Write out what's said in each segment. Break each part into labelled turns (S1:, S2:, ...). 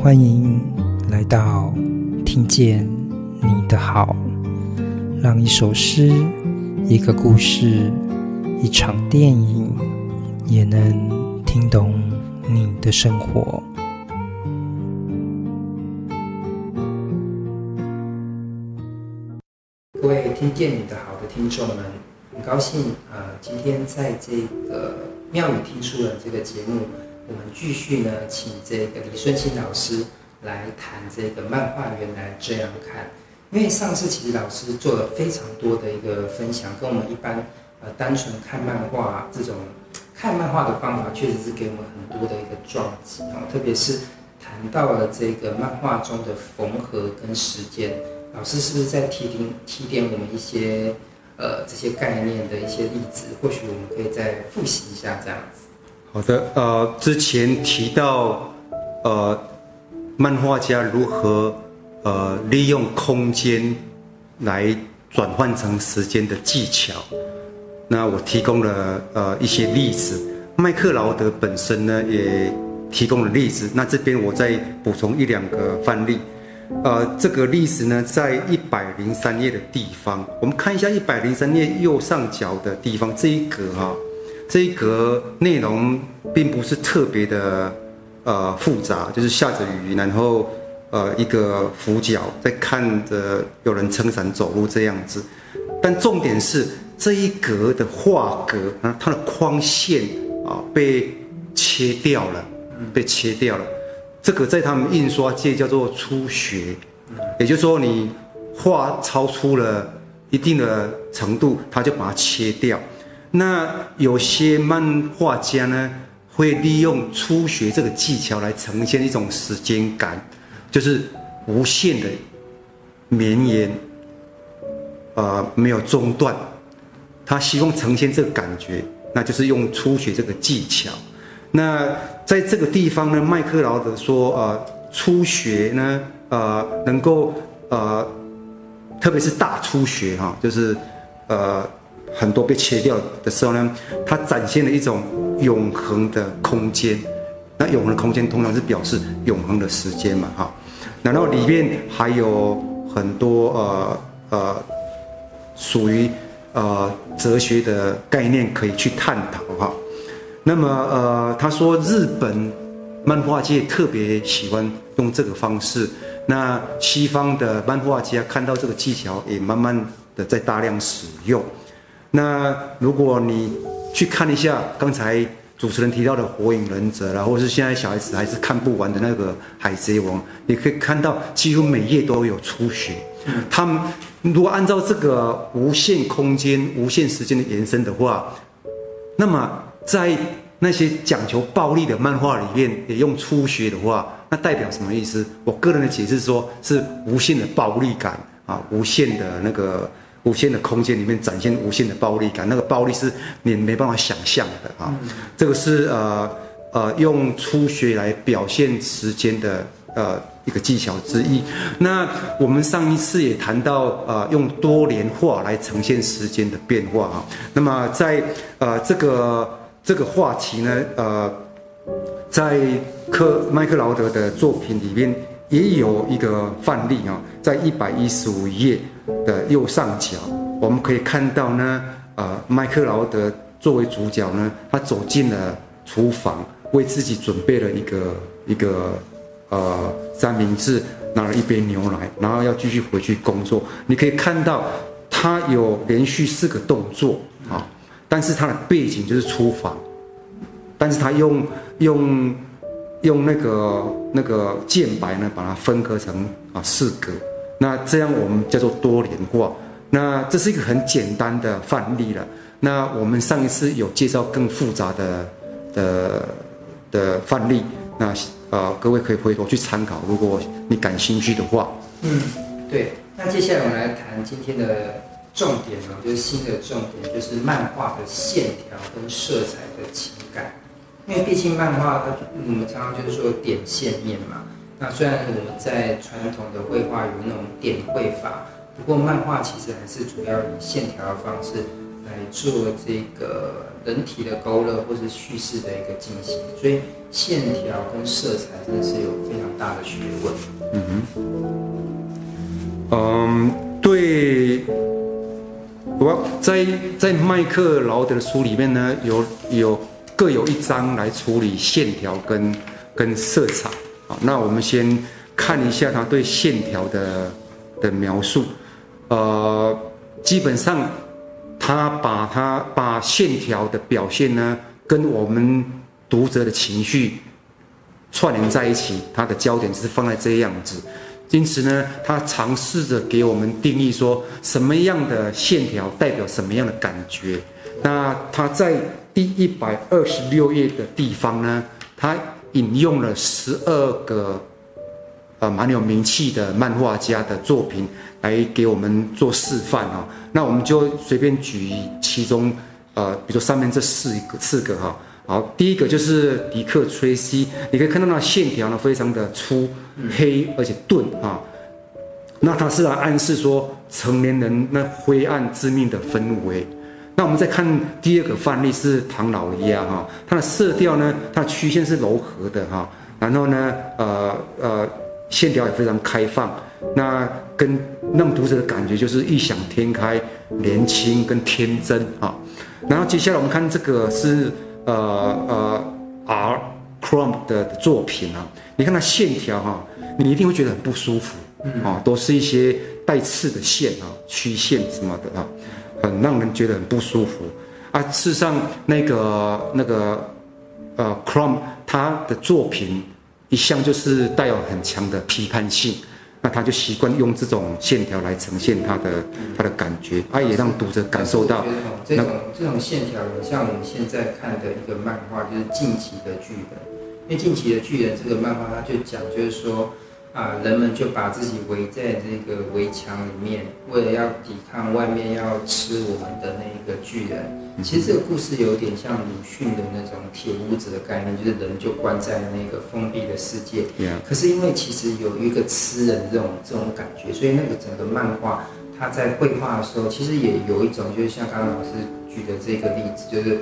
S1: 歡迎來到《聽見你的好》，讓一首詩、一個故事、一場電影，也能聽懂你的生活。各位《聽見你的好》的聽眾們，很高興啊、呃，今天在這個妙語聽書人的這個節目。我們繼續呢，請這個李順興老師來談這個漫畫原來這樣看，因為上次其實老師做了非常多的一個分享，跟我們一般呃單純看漫畫這種看漫畫的方法，確實是給我們很多的一個撞擊啊、哦。特別是談到了這個漫畫中的縫合跟時間，老師是不是在提點提點我們一些呃這些概念的一些例子？或許我們可以再複習一下這樣子。
S2: 好的，呃，之前提到，呃，漫畫家如何，呃，利用空間，來轉換成時間的技巧，那我提供了呃一些例子，麥克勞德本身呢也提供了例子，那這邊我再補充一兩個範例，呃，這個例子呢在一百零三頁的地方，我們看一下一百零三頁右上角的地方這一格哈、哦。這一格內容並不是特別的，呃，複雜，就是下着雨，然後，呃，一個俯角在看着有人撐傘走路這樣子。但重點是這一格的畫格啊，它的框線啊，呃，被切掉了，被切掉了。這個在他們印刷界叫做出血，也就是說你畫超出了一定的程度，他就把它切掉。那有些漫畫家呢，會利用出血這個技巧來呈現一種時間感，就是無限的綿延，呃，沒有中斷。他希望呈現這個感覺，那就是用出血這個技巧。那在這個地方呢，麥克勞德說，呃，出血呢，呃，能夠，呃，特別是大出血哈，就是，呃。很多被切掉的時候呢，它展現了一種永恆的空間。那永恆的空間通常是表示永恆的時間嘛，哈。然後裡面還有很多呃呃屬於呃哲學的概念可以去探討哈。那麼呃他說日本漫畫界特別喜歡用這個方式，那西方的漫畫家看到這個技巧也慢慢的在大量使用。那如果你去看一下剛才主持人提到的《火影忍者》，然後是現在小孩子還是看不完的那個《海賊王》，你可以看到幾乎每頁都有出血。他們如果按照這個無限空間、無限時間的延伸的話，那麼在那些講求暴力的漫畫裡面也用出血的話，那代表什麼意思？我個人的解釋說是無限的暴力感啊，無限的那個。無限的空間裡面展現無限的暴力感，那個暴力是你沒辦法想象的啊、嗯！這個是呃呃用初學來表現時間的呃一個技巧之一。那我們上一次也談到呃用多年化來呈現時間的變化啊。那麼在呃這個這個話題呢呃在克麥克勞德的作品裡面也有一個範例啊、哦，在一百一十五頁。的右上角，我們可以看到呢，呃，麥克勞德作為主角呢，他走進了廚房，為自己準備了一個一個，呃，三明治，拿了一杯牛奶，然後要繼續回去工作。你可以看到他有連續四個動作啊、哦，但是他的背景就是廚房，但是他用用用那個那個箭白呢，把它分割成啊、哦、四格。那這樣我們叫做多連畫，那這是一個很簡單的範例了。那我們上一次有介紹更複雜的的的範例，那呃，各位可以回頭去參考，如果你感興趣的話。嗯，
S1: 對。那接下來我們來談今天的重點哦，就是新的重點，就是漫畫的線條跟色彩的情感，因為畢竟漫畫，它，我們常常就是說點線面嘛。那雖然我們在傳統的繪畫有那種點繪法，不過漫畫其實還是主要以線條的方式來做這個人體的勾勒或是敘事的一個進行，所以線條跟色彩真的是有非常大的學問。嗯嗯
S2: ，um, 對，我在在麥克勞德的書裡面呢，有有各有一章來處理線條跟跟色彩。好，那我們先看一下他對線條的的描述，呃，基本上，他把他把線條的表現呢跟我們讀者的情緒串聯在一起，他的焦點就是放在這樣子，因此呢，他嘗試着給我們定義說什麼樣的線條代表什麼樣的感覺。那他在第一百二十六頁的地方呢，他。引用了十二個，呃，蠻有名氣的漫畫家的作品來給我們做示範哦。那我們就隨便舉其中，呃，比如說上面這四個四個哈、哦。好，第一個就是迪克·崔西，你可以看到那線條呢非常的粗黑而且鈍啊、哦。那他是來暗示說成年人那灰暗致命的氛圍。那我們再看第二個範例是唐老鴨哈、哦，它的色調呢，它的曲線是柔和的哈、哦，然後呢，呃呃，線條也非常開放，那跟讓讀者的感覺就是異想天開、年輕跟天真哈、哦，然後接下來我們看這個是呃呃，R. Crumb 的、的作品啊，你看它線條哈、啊，你一定會覺得很不舒服啊、哦，都是一些帶刺的線啊、曲線什麼的啊。很讓人覺得很不舒服，啊，事實上那個那個，呃 Crumb 他的作品一向就是帶有很強的批判性，那他就習慣用這種線條來呈現他的、嗯、他的感覺、嗯，啊，也讓讀者感受到、哦、這種
S1: 這種線條。像我們現在看的一個漫畫，就是進擊的巨人，因為進擊的巨人這個漫畫，他就講就是說。啊！人們就把自己圍在這個圍牆裡面，為了要抵抗外面要吃我們的那一個巨人。其實這個故事有點像魯迅的那種鐵屋子的概念，就是人就關在那個封閉的世界。Yeah. 可是因為其實有一個吃人這種這種感覺，所以那個整個漫畫他在繪畫的時候，其實也有一種，就是像剛剛老師舉的這個例子，就是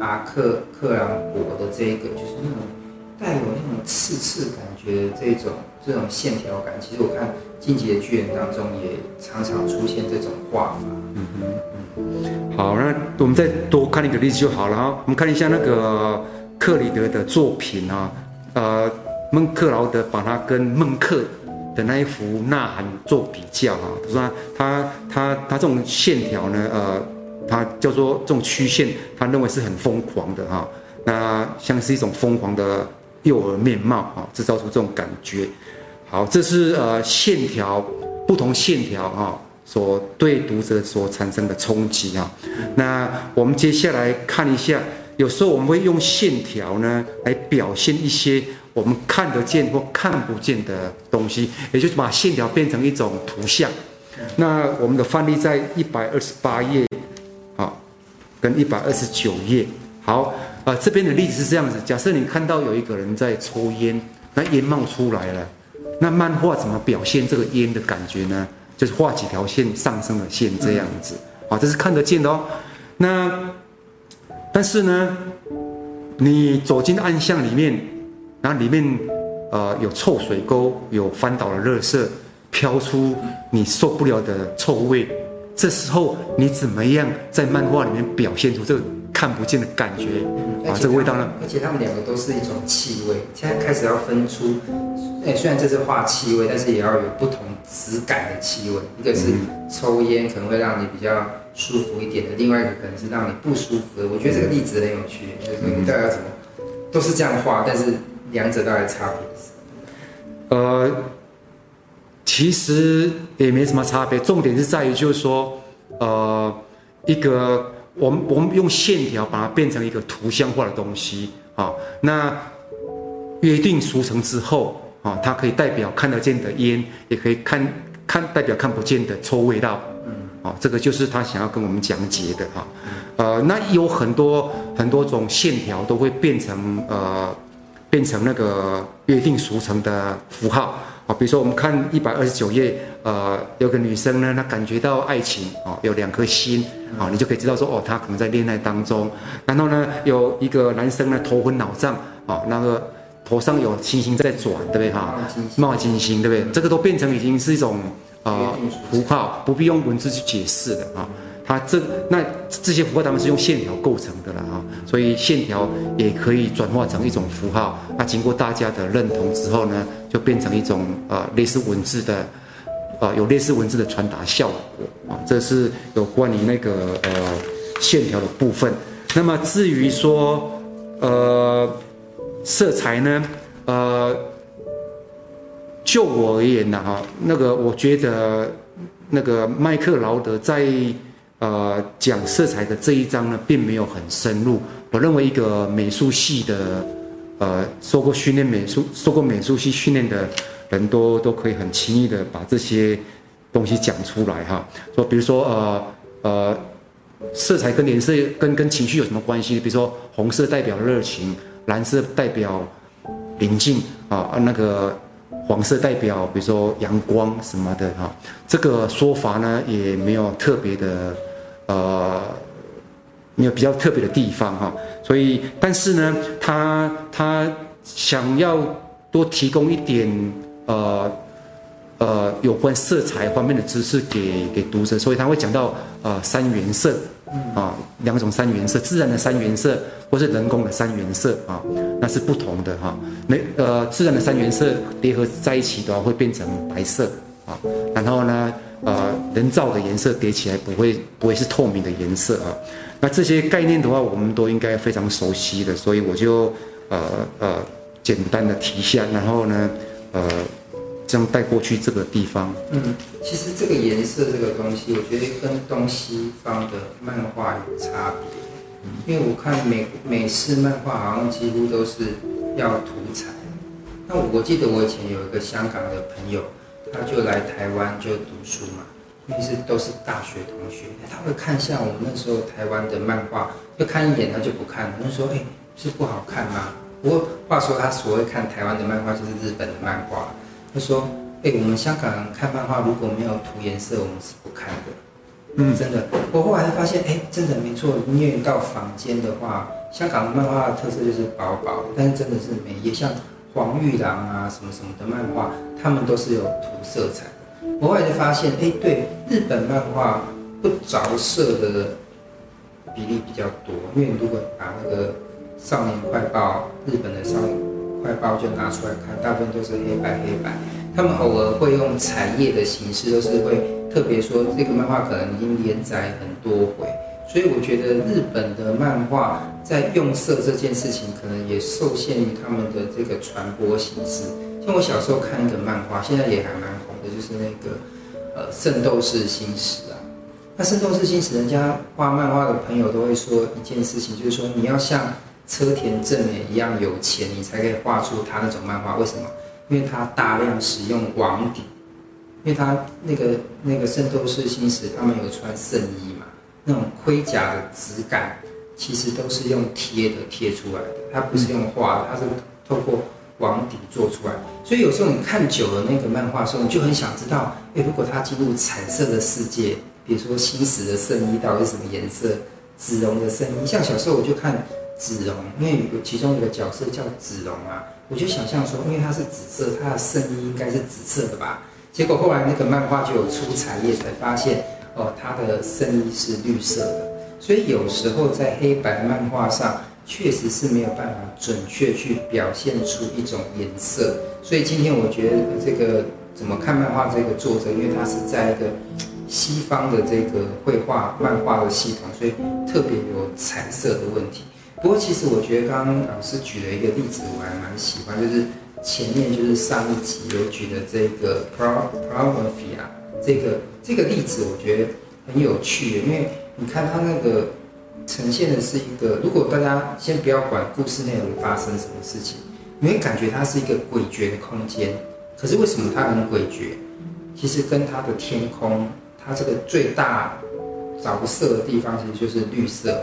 S1: 阿克克朗博的這一個，就是那種帶有那種刺刺感覺的這種。這種線條感，其實我看《進擊的巨人》當中也常常出現這種畫
S2: 法。嗯哼，嗯，好，那我們再多看一個例子就好了哈。我們看一下那個克里德的作品啊，呃，麥克勞德把它跟孟克的那一幅《吶喊》做比較哈，他說他他他這種線條呢，呃，他叫做這種曲線，他認為是很瘋狂的哈。那像是一種瘋狂的幼兒面貌啊，製造出這種感覺。好，這是呃線條，不同線條啊、哦，所對讀者所產生的衝擊啊、哦。那我們接下來看一下，有時候我們會用線條呢來表現一些我們看得見或看不見的東西，也就是把線條變成一種圖像。那我們的範例在一百二十八頁，好，跟一百二十九頁。好，啊，這邊的例子是這樣子：假設你看到有一個人在抽菸，那菸冒出來了。那漫畫怎麼表現這個煙的感覺呢？就是畫幾條線上升的線這樣子，啊，這是看得見的哦。那，但是呢，你走進暗巷裡面，然後裡面，呃，有臭水溝，有翻倒的垃圾，飄出你受不了的臭味，這時候你怎麼樣在漫畫裡面表現出這個？看不見的感覺，啊他，這個味道呢？
S1: 而且它們兩個都是一種氣味，現在開始要分出。哎，雖然這是畫氣味，但是也要有不同質感的氣味。一個是抽菸、嗯、可能會讓你比較舒服一點的，另外一個可能是讓你不舒服的。我覺得這個例子很有趣，就是你大概要怎麼都是這樣畫，但是兩者大概差別是？
S2: 呃，其實也沒什麼差別，重點是在於就是說，呃，一個。我們我們用線條把它變成一個圖像化的東西啊，那約定俗成之後啊，它可以代表看得見的煙，也可以看看代表看不見的臭味道，啊、嗯，這個就是他想要跟我們講解的啊、嗯，呃，那有很多很多種線條都會變成呃，變成那個約定俗成的符號。好，比如說我們看一百二十九頁，呃，有個女生呢，她感覺到愛情啊、哦，有兩顆心啊、哦，你就可以知道說，哦，她可能在戀愛當中。然後呢，有一個男生呢，頭昏腦脹啊、哦，那個頭上有星星在轉，對不對哈？冒金星，對不對、嗯？這個都變成已經是一種啊、呃、符號，不必用文字去解釋的啊。他、哦、這那這些符號，他們是用線條構成的了啊、哦，所以線條也可以轉化成一種符號。那、啊、經過大家的認同之後呢，就變成一種啊，類似文字的，啊，有類似文字的傳達效果啊。這是有關於那個呃線條的部分。那麼至於說呃色彩呢，呃，就我而言呢，哈，那個我覺得那個麥克勞德在呃講色彩的這一章呢，並沒有很深入。我認為一個美術系的。呃，受過訓練美術、受過美術系訓練的人都都可以很輕易的把這些東西講出來哈。說，比如說，呃呃，色彩跟顏色跟跟情緒有什麼關係？比如說，紅色代表熱情，藍色代表寧靜啊，那個黃色代表比如說陽光什麼的哈。這個說法呢，也沒有特別的，呃。有比較特別的地方哈，所以但是呢，他他想要多提供一點呃呃有關色彩方面的知識給給讀者，所以他會講到呃三原色啊，兩種三原色，自然的三原色或是人工的三原色啊，那是不同的哈，那、啊、呃自然的三原色結合在一起的話會變成白色。啊，然後呢，呃，人造的顏色疊起來不會不會是透明的顏色啊？那這些概念的話，我們都應該非常熟悉的，所以我就呃呃簡單的提一下，然後呢，呃，這樣帶過去這個地方。嗯，
S1: 其實這個顏色這個東西，我覺得跟東西方的漫畫有差別，因為我看美美式漫畫好像幾乎都是要塗彩，那我記得我以前有一個香港的朋友。他就來台灣就讀書嘛，其實都是大學同學。他會看一下我們那時候台灣的漫畫，就看一眼他就不看，他就說：“哎、欸，是不好看嗎？”不過話說他所謂看台灣的漫畫就是日本的漫畫。他說：“哎、欸，我們香港看漫畫如果沒有塗顏色，我們是不看的。”嗯，真的，我後來發現，哎、欸，真的沒錯。因為到房間的話，香港的漫畫的特色就是薄薄，但是真的是每一頁像。黃玉郎啊，什麼什麼的漫畫，他們都是有塗色彩的。我後來就發現，哎，對，日本漫畫不着色的比例比較多。因為如果你把那個《少年快報》，日本的《少年快報》就拿出來看，大部分都是黑白黑白。他們偶爾會用彩頁的形式，就是會特別說這個漫畫可能已經連載很多回。所以我覺得日本的漫畫。在用色這件事情，可能也受限於他們的這個傳播形式。像我小時候看一個漫畫，現在也還蠻紅的，就是那個呃《聖鬥士星矢》啊。那《聖鬥士星矢》，人家畫漫畫的朋友都會說一件事情，就是說你要像車田正美一樣有錢，你才可以畫出他那種漫畫。為什麼？因為他大量使用網底，因為他那個那個《聖鬥士星矢》，他們有穿聖衣嘛，那種盔甲的質感。其實都是用貼的貼出來的，它不是用畫的，它是透過網底做出來。所以有時候你看久了那個漫畫的時候，候你就很想知道，哎，如果他進入彩色的世界，比如說星矢的聖衣到底是什麼顏色？紫龍的聖衣，像小時候我就看紫龍，因為有其中一個角色叫紫龍啊，我就想象說，因為它是紫色，它的聖衣應該是紫色的吧？結果後來那個漫畫就有出彩頁，才發現哦，他、呃、的聖衣是綠色的。所以有時候在黑白漫畫上，確實是沒有辦法準確去表現出一種顏色。所以今天我覺得這個怎麼看漫畫這個作者，因為他是在一個西方的這個繪畫漫畫的系統，所以特別有彩色的問題。不過其實我覺得剛剛老師舉了一個例子，我還蠻喜歡，就是前面就是上一集有舉的這個 Pro p r o p h y 啊，這個這個例子，我覺得很有趣，因為。你看它那個呈現的是一個，如果大家先不要管故事內容發生什麼事情，你會感覺它是一個詭譎的空間。可是為什麼它很詭譎？其實跟它的天空，它這個最大着色的地方其實就是綠色。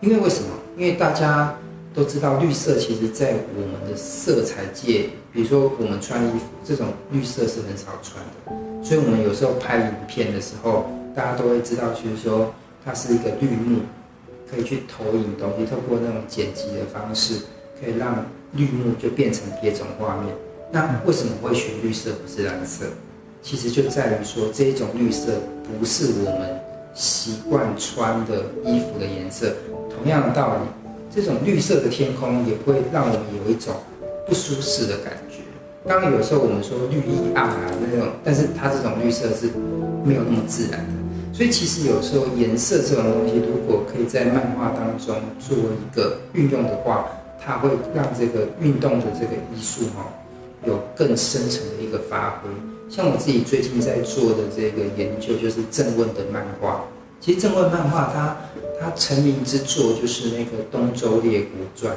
S1: 因為為什麼？因為大家都知道，綠色其實在我們的色彩界，比如說我們穿衣服，這種綠色是很少穿的。所以，我們有時候拍影片的時候，大家都會知道，就是說。它是一個綠幕，可以去投影東西，透過那種剪輯的方式，可以讓綠幕就變成別種畫面。那為什麼會選綠色不是藍色？其實就在於說，這一種綠色不是我們習慣穿的衣服的顏色。同樣的道理，這種綠色的天空也會讓我們有一種不舒適的感覺。當然有時候我們說綠意盎然那種，但是它這種綠色是沒有那麼自然的。所以其實有時候顏色這種東西，如果可以在漫畫當中做一個運用的話，它會讓這個運動的這個藝術哈有更深層的一個發揮。像我自己最近在做的這個研究，就是鄭問的漫畫。其實鄭問漫畫它，它它成名之作就是那個《東周列國傳》，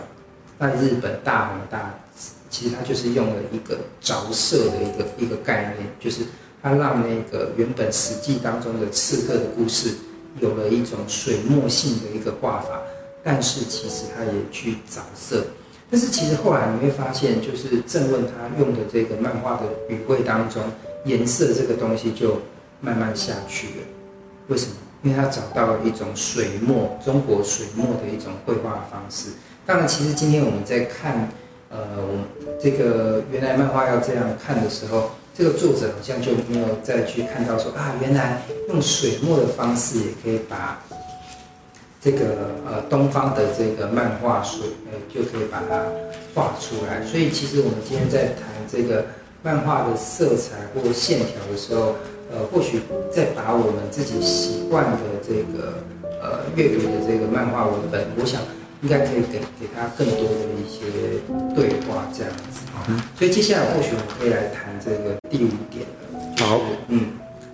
S1: 那日本大紅大紫。其實它就是用了一個着色的一個一個概念，就是。他讓那個原本史記當中的刺客的故事，有了一種水墨性的一個畫法，但是其實他也去着色，但是其實後來你會發現，就是鄭問他用的這個漫畫的語彙當中，顏色這個東西就慢慢下去了。為什麼？因為他找到了一種水墨中國水墨的一種繪畫的方式。當然，其實今天我們在看，呃，這個原來漫畫要這樣看的時候。這個作者好像就沒有再去看到說啊，原來用水墨的方式也可以把這個呃東方的這個漫畫書，呃，就可以把它畫出來。所以其實我們今天在談這個漫畫的色彩或者線條的時候，呃，或許在把我們自己習慣的這個呃閱讀的這個漫畫文本，我想，應該可以給給他更多的一些對話這樣子，所以接下來或許我們可以來談這個第五點、就
S2: 是、好，嗯，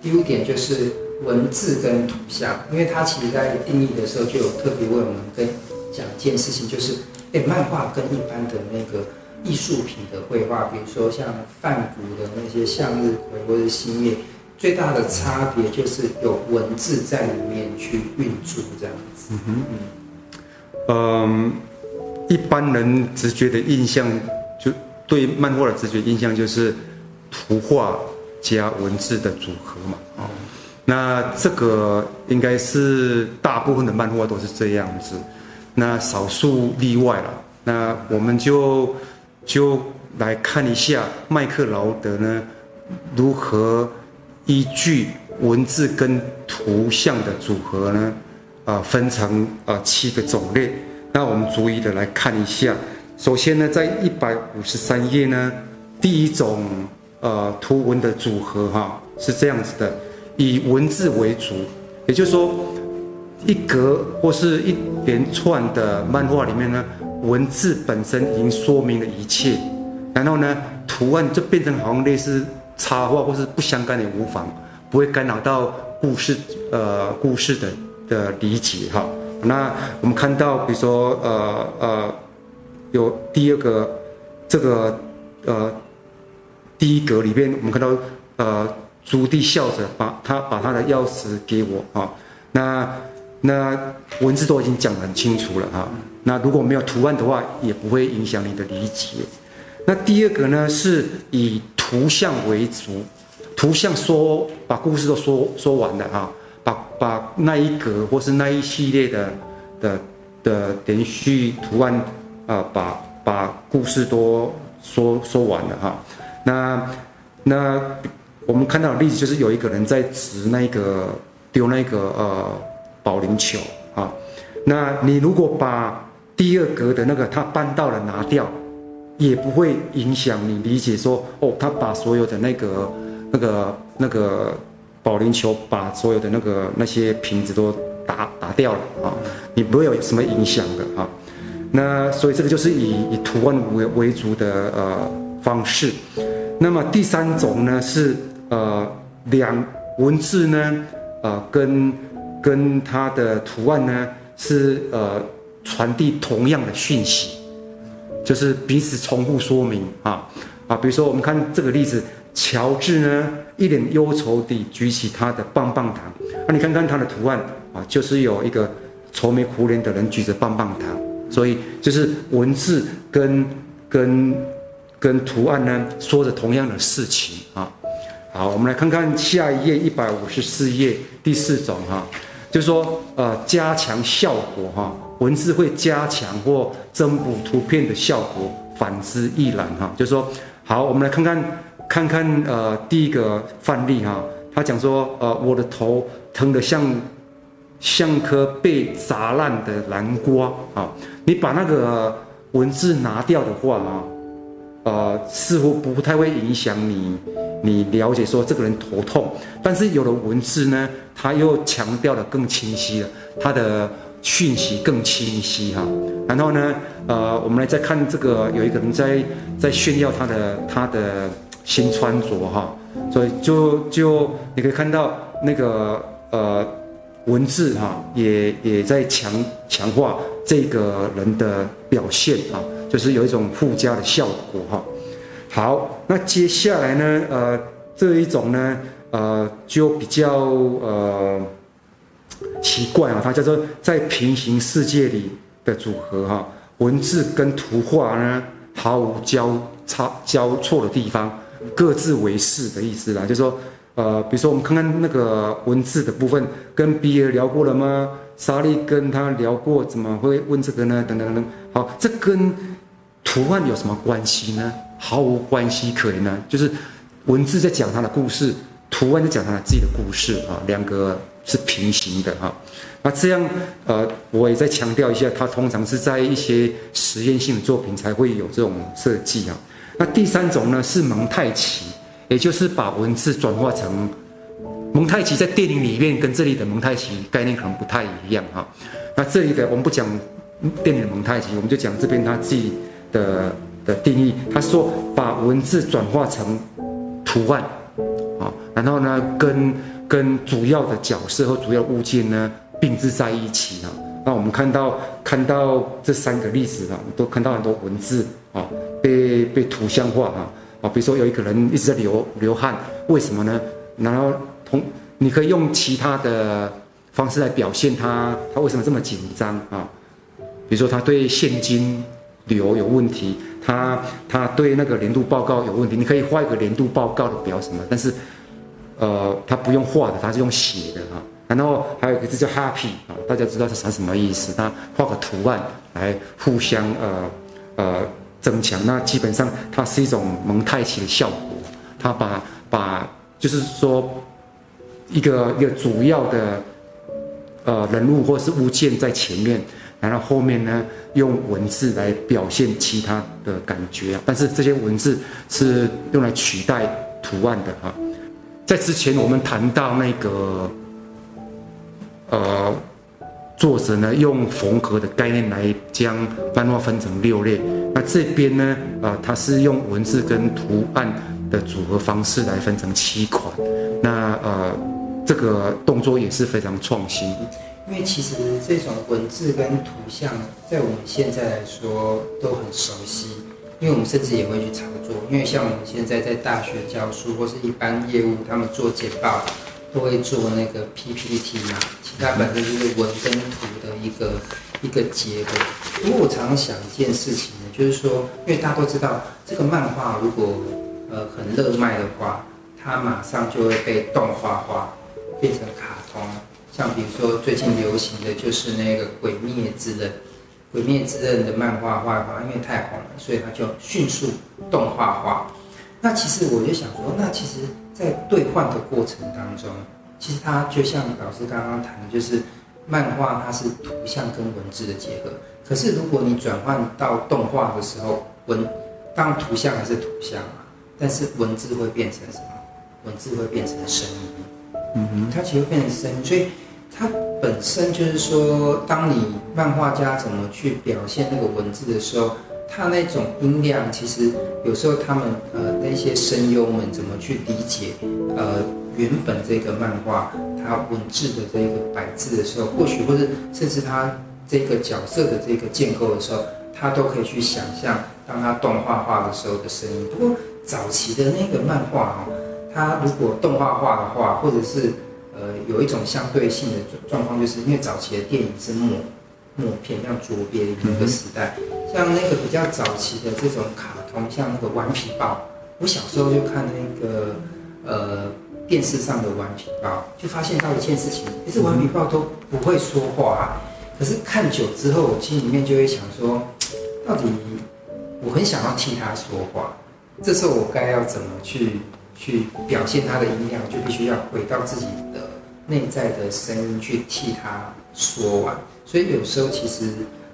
S1: 第五點就是文字跟圖像，因為它其實在定義的時候就有特別為我們跟講一件事情，就是誒，漫畫跟一般的那個藝術品的繪畫，比如說像梵谷的那些向日葵或者星夜，最大的差別就是有文字在裡面去運作這樣子。嗯哼。嗯
S2: 嗯、um，一般人直覺的印象，就對漫畫的直覺印象就是，圖畫加文字的組合嘛。哦、嗯，那這個應該是大部分的漫畫都是這樣子，那少數例外了。那我們就就來看一下麥克勞德呢，如何依據文字跟圖像的組合呢？啊、呃，分成啊、呃、七個種類，那我們逐一的來看一下。首先呢，在一百五十三頁呢，第一種呃圖文的組合哈、哦，是這樣子的，以文字為主，也就是說一格或是一連串的漫畫裡面呢，文字本身已經說明了一切，然後呢圖案就變成好像類似插畫或是不相干也無妨，不會干擾到故事呃故事的的理解哈，那我們看到，比如說，呃呃，有第二個，這個，呃，第一格裡邊，我們看到，呃，朱棣笑着把他把他的鑰匙給我啊，那那文字都已經講得很清楚了哈，那如果沒有圖案的話，也不會影響你的理解。那第二個呢，是以圖像為主，圖像說把故事都說說完了哈。把把那一格或是那一系列的的的連續圖案啊、呃，把把故事都說說完了哈。那那我們看到的例子就是有一個人在指那個丟那個呃保齡球啊。那你如果把第二格的那個他搬到了拿掉，也不會影響你理解說哦，他把所有的那個那個那個。那個保齡球把所有的那個那些瓶子都打打掉了啊，你不會有什麼影響的啊。那所以這個就是以以圖案為為主的呃方式。那麼第三種呢，是呃兩文字呢呃跟跟它的圖案呢是呃傳遞同樣的訊息，就是彼此重複說明啊啊，比如說我們看這個例子，喬治呢。一臉憂愁地舉起他的棒棒糖，那你看看他的圖案啊，就是有一個愁眉苦臉的人舉着棒棒糖，所以就是文字跟跟跟圖案呢說着同樣的事情啊。好，我們來看看下一頁一百五十四頁第四種哈，就是說呃加強效果哈，文字會加強或增補圖片的效果，反之亦然哈，就是說好，我們來看看。看看呃第一個範例哈、哦，他講說呃我的頭疼得像像顆被砸爛的南瓜啊、哦，你把那個文字拿掉的話啊、哦，呃似乎不太會影響你你了解說這個人頭痛，但是有了文字呢，他又強調的更清晰了，他的訊息更清晰哈、哦。然後呢呃我們來再看這個有一個人在在炫耀他的他的。新穿着哈，所以就就你可以看到那個呃文字哈，也也在強強化這個人的表現啊，就是有一種附加的效果哈。好，那接下來呢，呃這一種呢，呃就比較呃奇怪啊，它叫做在平行世界裡的組合哈，文字跟圖畫呢毫無交叉交錯的地方，各自為是的意思啦，就是說，呃，比如說我們看看那個文字的部分，跟比爾聊過了嗎？莎莉跟他聊過，怎麼會問這個呢？等等等等，好，這跟圖案有什麼關係呢？毫無關係可言呢，就是文字在講他的故事，圖案在講他自己的故事啊，哦，兩個是平行的哈，哦。那這樣，呃，我也再強調一下，他通常是在一些實驗性的作品才會有這種設計啊。那第三種呢是蒙太奇，也就是把文字轉化成蒙太奇。在電影裡面跟這裡的蒙太奇概念可能不太一樣哈。那這裡的我們不講電影的蒙太奇，我們就講這邊它自己的的定義。它說把文字轉化成圖案啊，然後呢跟跟主要的角色和主要物件呢並置在一起啊。那我們看到看到這三個例子啊，都看到很多文字啊。被被圖像化哈啊，比如說有一個人一直在流流汗，為什麼呢？然後同你可以用其他的方式來表現他他為什麼這麼緊張啊？比如說他對現金流有問題，他他對那個年度報告有問題，你可以畫一個年度報告的表什麼，但是呃他不用畫的，他是用寫的哈啊。然後還有一個字叫 happy 啊，大家知道是是什麼意思？他畫個圖案來互相呃呃。呃增強，那基本上它是一種蒙太奇的效果，它把把就是說一個一個主要的呃人物或是物件在前面，然後後面呢，用文字來表現其他的感覺，但是這些文字是用來取代圖案的哈。在之前我們談到那個呃。作者呢，用縫合的概念來將漫畫分成六列。那這邊呢，啊、呃，它是用文字跟圖案的組合方式來分成七款。那呃，這個動作也是非常創新的。
S1: 因為其實這種文字跟圖像，在我們現在來說都很熟悉，因為我們甚至也會去操作。因為像我們現在在大學教書，或是一般業務，他們做簡報。都會做那個 PPT 嘛，其他本身就是文跟圖的一個一個結果。因為我常想一件事情呢，就是說，因為大家都知道，這個漫畫如果呃很熱賣的話，它馬上就會被動畫化，變成卡通。像比如說最近流行的就是那個《鬼滅之刃》，《鬼滅之刃》的漫畫化的話，因為太紅了，所以它就迅速動畫化。那其實我就想說，那其實。在兌換的過程當中，其實它就像老師剛剛談的，就是漫畫它是圖像跟文字的結合。可是如果你轉換到動畫的時候，文，當然圖像還是圖像啊，但是文字會變成什麼？文字會變成聲音。嗯哼，它其實變成聲音，所以它本身就是說，當你漫畫家怎麼去表現那個文字的時候。他那種音量，其實有時候他們呃那些聲優們怎麼去理解呃原本這個漫畫它文字的這個擺字的時候，或許或者甚至他這個角色的這個建構的時候，他都可以去想象當他動畫化的時候的聲音。不過早期的那個漫畫哦，它如果動畫化的話，或者是呃有一種相對性的狀況，就是因為早期的電影是那默片，像左邊那個時代，像那個比較早期的這種卡通，像那個《頑皮豹》，我小時候就看那個呃電視上的《頑皮豹》，就發現到一件事情，其實《頑皮豹》都不會說話啊，可是看久之後，我心裡面就會想說，到底我很想要替他說話，這時候我該要怎麼去去表現他的音量，就必須要回到自己的內在的聲音去替他說完。所以有時候其實，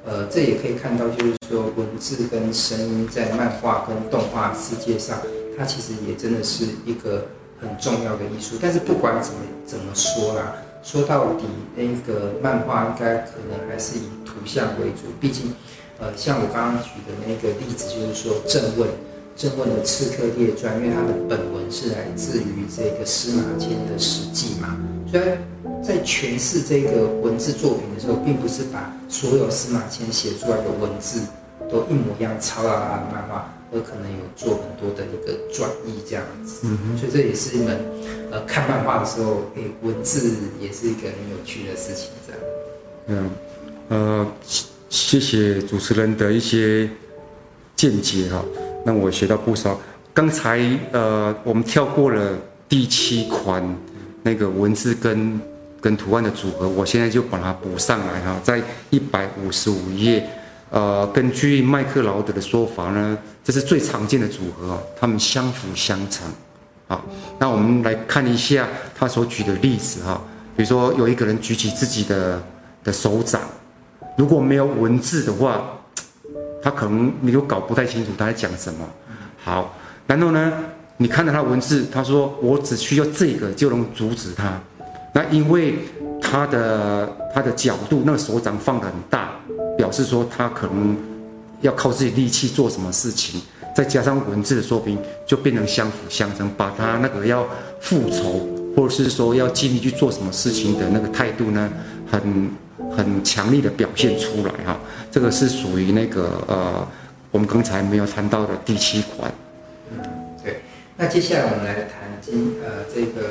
S1: 呃，這也可以看到，就是說文字跟聲音在漫畫跟動畫世界上，它其實也真的是一個很重要的藝術。但是不管怎麼怎麼說啦、啊，說到底，那個漫畫應該可能還是以圖像為主。畢竟，呃，像我剛剛舉的那個例子，就是說正《鄭問》《鄭問》的《刺客列傳》，因為它的本文是來自於這個司馬遷的《史記》嘛，所以。在詮釋這個文字作品的時候，並不是把所有司馬遷寫出來的文字都一模一樣抄到他的漫畫，而可能有做很多的一個轉譯這樣子。嗯哼，所以這也是一門呃，看漫畫的時候，欸，文字也是一個很有趣的事情。這樣。
S2: 嗯，呃，謝謝主持人的一些見解哈，那我學到不少。剛才呃，我們跳過了第七款，那個文字跟。跟圖案的組合，我現在就把它補上來哈，在一百五十五頁，呃，根據麥克勞德的說法呢，這是最常見的組合，它們相輔相成，好，那我們來看一下他所舉的例子哈，比如說有一個人舉起自己的的手掌，如果沒有文字的話，他可能你都搞不太清楚他在講什麼，好，然後呢，你看到他文字，他說我只需要這個就能阻止他。那因為他的他的角度，那個手掌放得很大，表示說他可能要靠自己力氣做什麼事情，再加上文字的說明，就變成相輔相成，把他那個要復仇或者是說要盡力去做什麼事情的那個態度呢，很很強力的表現出來哈、啊。這個是屬於那個呃，我們剛才沒有談到的第七款。嗯，對。
S1: 那接下來我們來談今呃這個。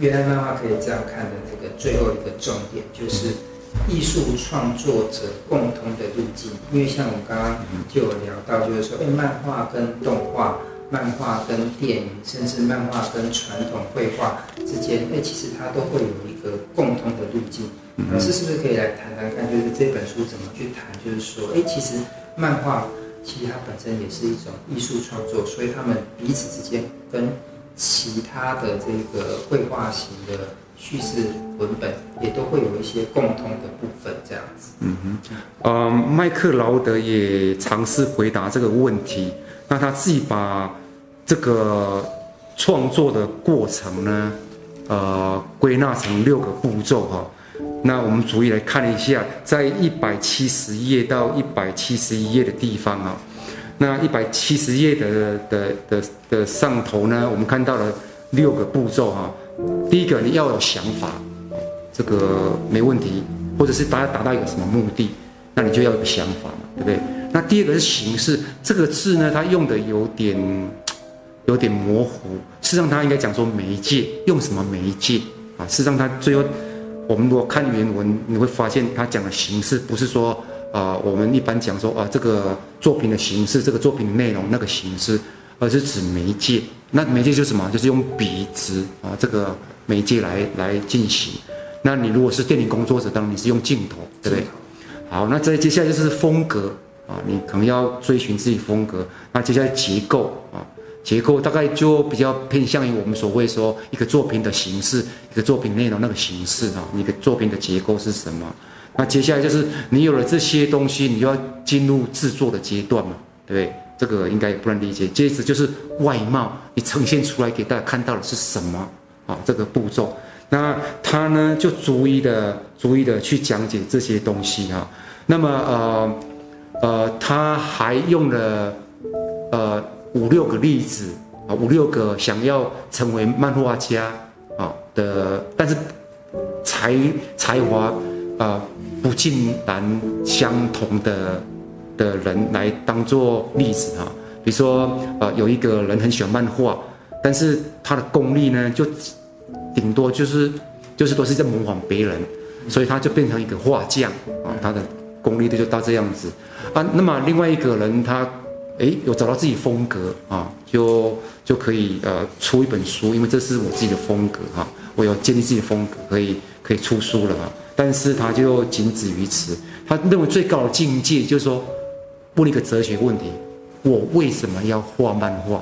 S1: 原來漫畫可以這樣看的那個最後一個重點，就是藝術創作者共通的路徑。因為像我剛剛就有聊到，就是說，哎，漫畫跟動畫、漫畫跟電影，甚至漫畫跟傳統繪畫之間，哎，其實它都會有一個共通的路徑。老師是不是可以來談談看，就是這本書怎麼去談，就是說，哎，其實漫畫其實它本身也是一種藝術創作，所以他們彼此之間跟其他的這個繪畫型的敘事文本也都會有一些共通的部分，這樣
S2: 子。嗯哼，呃，麥克勞德也嘗試回答這個問題。那他自己把這個創作的過程呢，呃，歸納成六個步驟哈、哦。那我們逐一來看一下，在一百七十頁到一百七十一頁的地方啊、哦。那一百七十頁的的的的，的上頭呢，我們看到了六個步驟哈、啊。第一個你要有想法，這個沒問題，或者是達達到一個什麼目的，那你就要有個想法嘛，對不對？那第二個是形式，這個字呢，它用的有點有點模糊。事實上，它應該講說媒介，用什麼媒介啊？事實上，它最後我們如果看原文，你會發現它講的形式不是說。啊、呃，我們一般講說啊、呃，這個作品的形式，這個作品的內容那個形式，而、呃、是指媒介。那媒介就是什麼？就是用筆直啊，這個媒介來來進行。那你如果是電影工作者，當然你是用鏡頭，對不對？好，那再接下來就是風格啊、呃，你可能要追尋自己風格。那接下來結構啊、呃，結構大概就比較偏向於我們所謂說一個作品的形式，一個作品內容那個形式啊，你、呃、的作品的結構是什麼？那接下來就是你有了這些東西，你就要進入制作的階段嘛，對不對？這個應該也不難理解。接着就是外貌，你呈現出來給大家看到的是什麼啊？這個步驟，那他呢就逐一的、逐一的去講解這些東西哈。那麼呃呃，他還用了呃五六個例子啊，五六個想要成為漫畫家啊的，但是才才華。啊，不盡然相同的的人來當做例子哈，比如說，呃，有一個人很喜歡漫畫，但是他的功力呢，就頂多就是就是都是在模仿別人，所以他就變成一個畫匠啊，他的功力就就到這樣子啊。那麼另外一個人他，哎，有找到自己風格啊，就就可以呃出一本書，因為這是我自己的風格哈，我有建立自己的風格，可以可以出書了啊。但是他就僅止於此。他認為最高的境界就是說，問一個哲學問題：我為什麼要畫漫畫？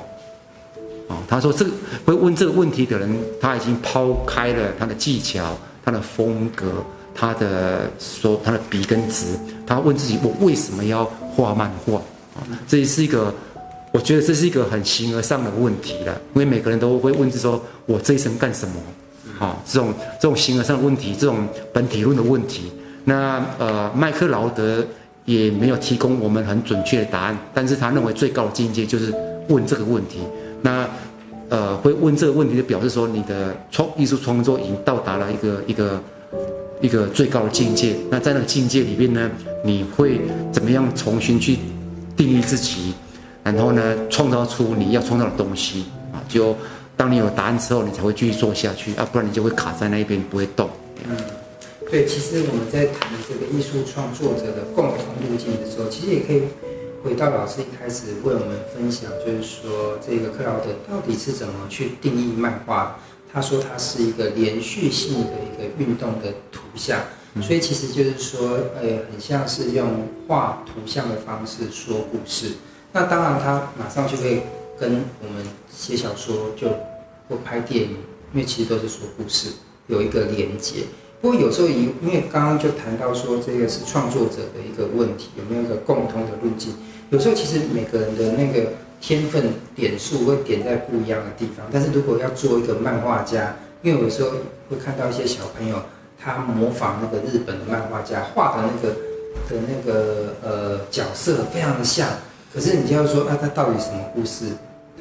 S2: 啊，哦，他說這個會問這個問題的人，他已經拋開了他的技巧、他的風格、他的說他的筆跟紙。他問自己：我為什麼要畫漫畫？哦，這也是一個，我覺得這是一個很形而上的問題了。因為每個人都會問，就是說我這一生幹什麼？好，這種這種形而上的問題，這種本體論的問題，那呃，麥克勞德也沒有提供我們很準確的答案，但是他認為最高的境界就是問這個問題。那呃，會問這個問題，就表示說你的創藝術創作已經到達了一個一個一個最高的境界。那在那個境界裡面呢，你會怎麼樣重新去定義自己，然後呢，創造出你要創造的東西啊？就。當你有答案之後，你才會繼續做下去，啊，不然你就會卡在那一邊不會動。
S1: 嗯，對，其實我們在談這個藝術創作者的共同路徑的時候，其實也可以回到老師一開始為我們分享，就是說這個克勞德到底是怎麼去定義漫畫？他說它是一個連續性的一個運動的圖像，所以其實就是說，呃，很像是用畫圖像的方式說故事。那當然，他馬上就會。跟我們寫小說，就或拍電影，因為其實都是說故事，有一個連結。不過有時候，因因為剛剛就談到說，這個是創作者的一個問題，有沒有一個共通的路徑？有時候其實每個人的那個天分點數會點在不一樣的地方。但是如果要做一個漫畫家，因為有時候會看到一些小朋友，他模仿那個日本的漫畫家畫的那個的那個呃角色，非常的像。可是你就要說，那、啊、它到底什麼故事？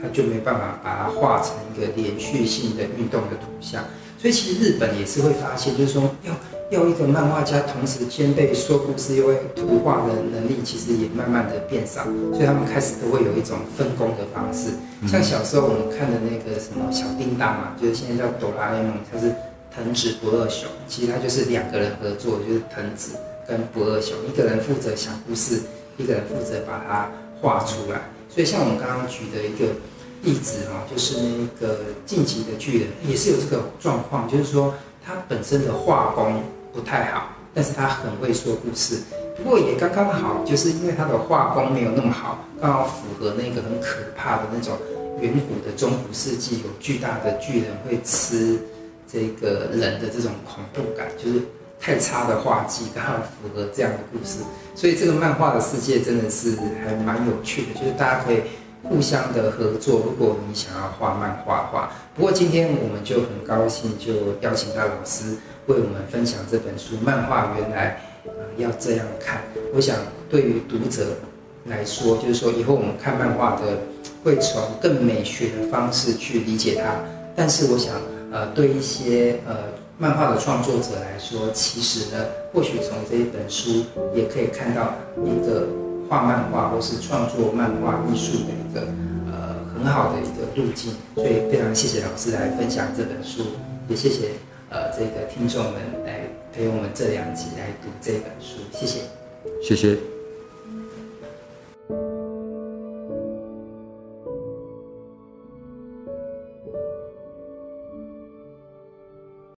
S1: 它就沒辦法把它畫成一個連續性的運動的圖像。所以其實日本也是會發現，就是說要要一個漫畫家同時兼備說故事因為圖畫的能力，其實也慢慢的變少。所以他們開始都會有一種分工的方式。嗯、像小時候我們看的那個什麼小叮噹嘛、啊，就是現在叫哆啦 A 夢，他是藤子不二雄。其實他就是兩個人合作，就是藤子跟不二雄，一個人負責想故事，一個人負責把它。畫出來，所以像我們剛剛舉的一個例子哈，就是那個進擊的巨人也是有這個狀況，就是說他本身的畫工不太好，但是他很會說故事，不過也剛剛好，就是因為他的畫工沒有那麼好，剛好符合那個很可怕的那種遠古的中古世紀有巨大的巨人會吃這個人的這種恐怖感，就是。太差的畫技剛好符合這樣的故事，所以這個漫畫的世界真的是還蠻有趣的，就是大家可以互相的合作。如果你想要畫漫畫的話。不過今天我們就很高興就邀請到老師為我們分享這本書，漫畫原來、呃、要這樣看。我想對於讀者來說，就是說以後我們看漫畫的會從更美學的方式去理解它。但是我想，呃，對一些呃。漫畫的創作者來說，其實呢，或許從這一本書也可以看到一個畫漫畫或是創作漫畫藝術的一個呃很好的一個路徑。所以非常謝謝老師來分享這本書，也謝謝呃這個聽眾們來陪我們這兩集來讀這本書，謝謝，
S2: 謝謝。